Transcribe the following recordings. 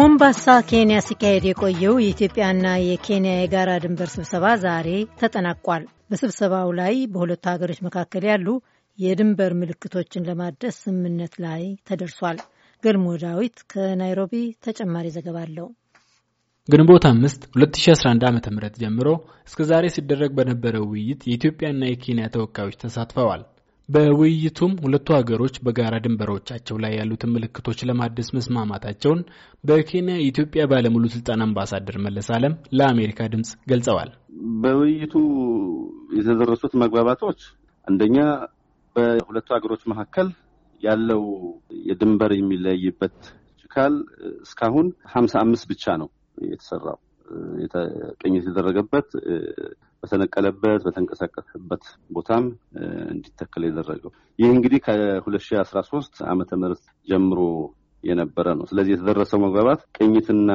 ሞምባሳ ኬንያ ሲካሄድ የቆየው የኢትዮጵያና የኬንያ የጋራ ድንበር ስብሰባ ዛሬ ተጠናቋል። በስብሰባው ላይ በሁለቱ ሀገሮች መካከል ያሉ የድንበር ምልክቶችን ለማደስ ስምምነት ላይ ተደርሷል። ገልሞ ዳዊት ከናይሮቢ ተጨማሪ ዘገባ አለው። ግንቦት አምስት 2011 ዓ ም ጀምሮ እስከ ዛሬ ሲደረግ በነበረው ውይይት የኢትዮጵያና የኬንያ ተወካዮች ተሳትፈዋል። በውይይቱም ሁለቱ ሀገሮች በጋራ ድንበሮቻቸው ላይ ያሉትን ምልክቶች ለማደስ መስማማታቸውን በኬንያ የኢትዮጵያ ባለሙሉ ስልጣን አምባሳደር መለስ አለም ለአሜሪካ ድምፅ ገልጸዋል። በውይይቱ የተደረሱት መግባባቶች አንደኛ በሁለቱ ሀገሮች መካከል ያለው የድንበር የሚለይበት ችካል እስካሁን ሀምሳ አምስት ብቻ ነው የተሰራው ቅኝት የተደረገበት በተነቀለበት በተንቀሳቀሰበት ቦታም እንዲተከል የደረገው ይህ እንግዲህ ከሁለት ሺህ አስራ ሶስት ዓመተ ምህረት ጀምሮ የነበረ ነው። ስለዚህ የተደረሰው መግባባት ቅኝትና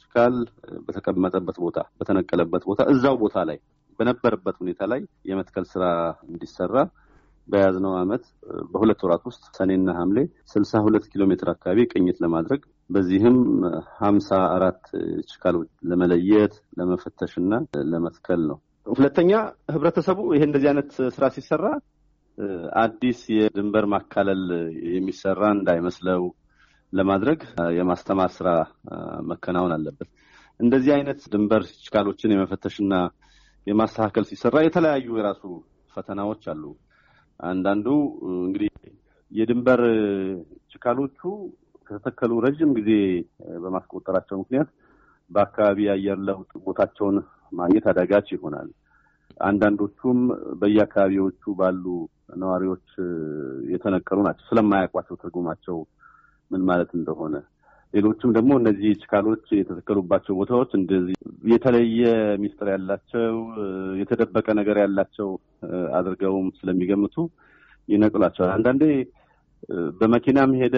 ችካል በተቀመጠበት ቦታ በተነቀለበት ቦታ እዛው ቦታ ላይ በነበረበት ሁኔታ ላይ የመትከል ስራ እንዲሰራ በያዝነው ዓመት በሁለት ወራት ውስጥ ሰኔና ሐምሌ ስልሳ ሁለት ኪሎ ሜትር አካባቢ ቅኝት ለማድረግ በዚህም ሀምሳ አራት ችካሎች ለመለየት ለመፈተሽና ለመትከል ነው። ሁለተኛ ህብረተሰቡ ይሄ እንደዚህ አይነት ስራ ሲሰራ አዲስ የድንበር ማካለል የሚሰራ እንዳይመስለው ለማድረግ የማስተማር ስራ መከናወን አለበት። እንደዚህ አይነት ድንበር ችካሎችን የመፈተሽና የማስተካከል ሲሰራ የተለያዩ የራሱ ፈተናዎች አሉ። አንዳንዱ እንግዲህ የድንበር ችካሎቹ ከተተከሉ ረዥም ጊዜ በማስቆጠራቸው ምክንያት በአካባቢ የአየር ለውጥ ቦታቸውን ማግኘት አዳጋች ይሆናል። አንዳንዶቹም በየአካባቢዎቹ ባሉ ነዋሪዎች የተነቀሉ ናቸው ስለማያውቋቸው ትርጉማቸው ምን ማለት እንደሆነ ሌሎችም ደግሞ እነዚህ ችካሎች የተተከሉባቸው ቦታዎች እንደዚህ የተለየ ሚስጥር ያላቸው የተደበቀ ነገር ያላቸው አድርገውም ስለሚገምቱ ይነቅሏቸዋል። አንዳንዴ በመኪናም ሄደ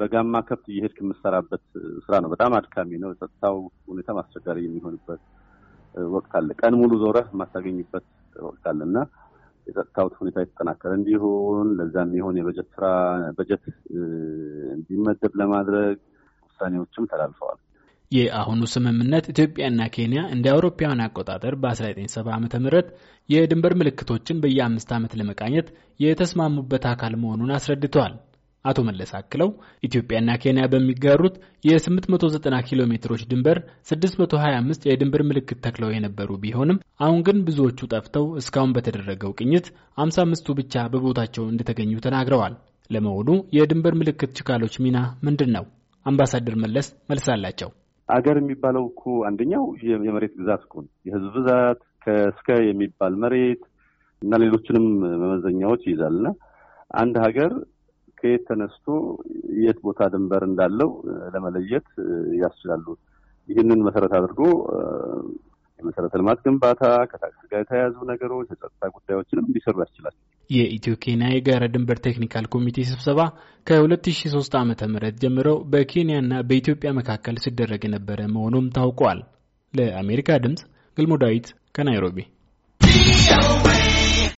በጋማ ከብት እየሄድክ የምትሰራበት ስራ ነው። በጣም አድካሚ ነው። የጸጥታው ሁኔታም አስቸጋሪ የሚሆንበት ወቅት አለ። ቀን ሙሉ ዞረህ የማታገኝበት ወቅት አለ እና የጸጥታው ሁኔታ የተጠናከረ እንዲሆን ለዛ የሚሆን የበጀት ስራ በጀት እንዲመደብ ለማድረግ ውሳኔዎችም ተላልፈዋል። የአሁኑ ስምምነት ኢትዮጵያና ኬንያ እንደ አውሮፓውያን አቆጣጠር በ1970 ዓ ም የድንበር ምልክቶችን በየአምስት ዓመት ለመቃኘት የተስማሙበት አካል መሆኑን አስረድተዋል። አቶ መለስ አክለው ኢትዮጵያና ኬንያ በሚጋሩት የ890 ኪሎ ሜትሮች ድንበር 625 የድንበር ምልክት ተክለው የነበሩ ቢሆንም አሁን ግን ብዙዎቹ ጠፍተው እስካሁን በተደረገው ቅኝት 55ቱ ብቻ በቦታቸው እንደተገኙ ተናግረዋል። ለመሆኑ የድንበር ምልክት ችካሎች ሚና ምንድን ነው? አምባሳደር መለስ መልሳላቸው። አገር የሚባለው እኮ አንደኛው የመሬት ግዛት እኮ ነው። የህዝብ ብዛት ከእስከ የሚባል መሬት እና ሌሎችንም መመዘኛዎች ይይዛል እና አንድ ሀገር ከየት ተነስቶ የት ቦታ ድንበር እንዳለው ለመለየት ያስችላሉ። ይህንን መሰረት አድርጎ የመሰረተ ልማት ግንባታ ከታክስ ጋር የተያያዙ ነገሮች፣ የጸጥታ ጉዳዮችንም እንዲሰሩ ያስችላል። የኢትዮ ኬንያ የጋራ ድንበር ቴክኒካል ኮሚቴ ስብሰባ ከ2003 ዓ ም ጀምሮ በኬንያና በኢትዮጵያ መካከል ሲደረግ የነበረ መሆኑም ታውቋል። ለአሜሪካ ድምፅ ገልሞ ዳዊት ከናይሮቢ